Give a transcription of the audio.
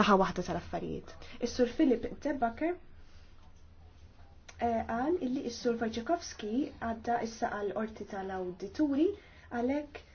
naħa waħda tal-affarijiet. Is-Sur Filip Debaker eh, għal illi is-Sur Wojciechowski għadda issa għal orti tal-awdituri għalhekk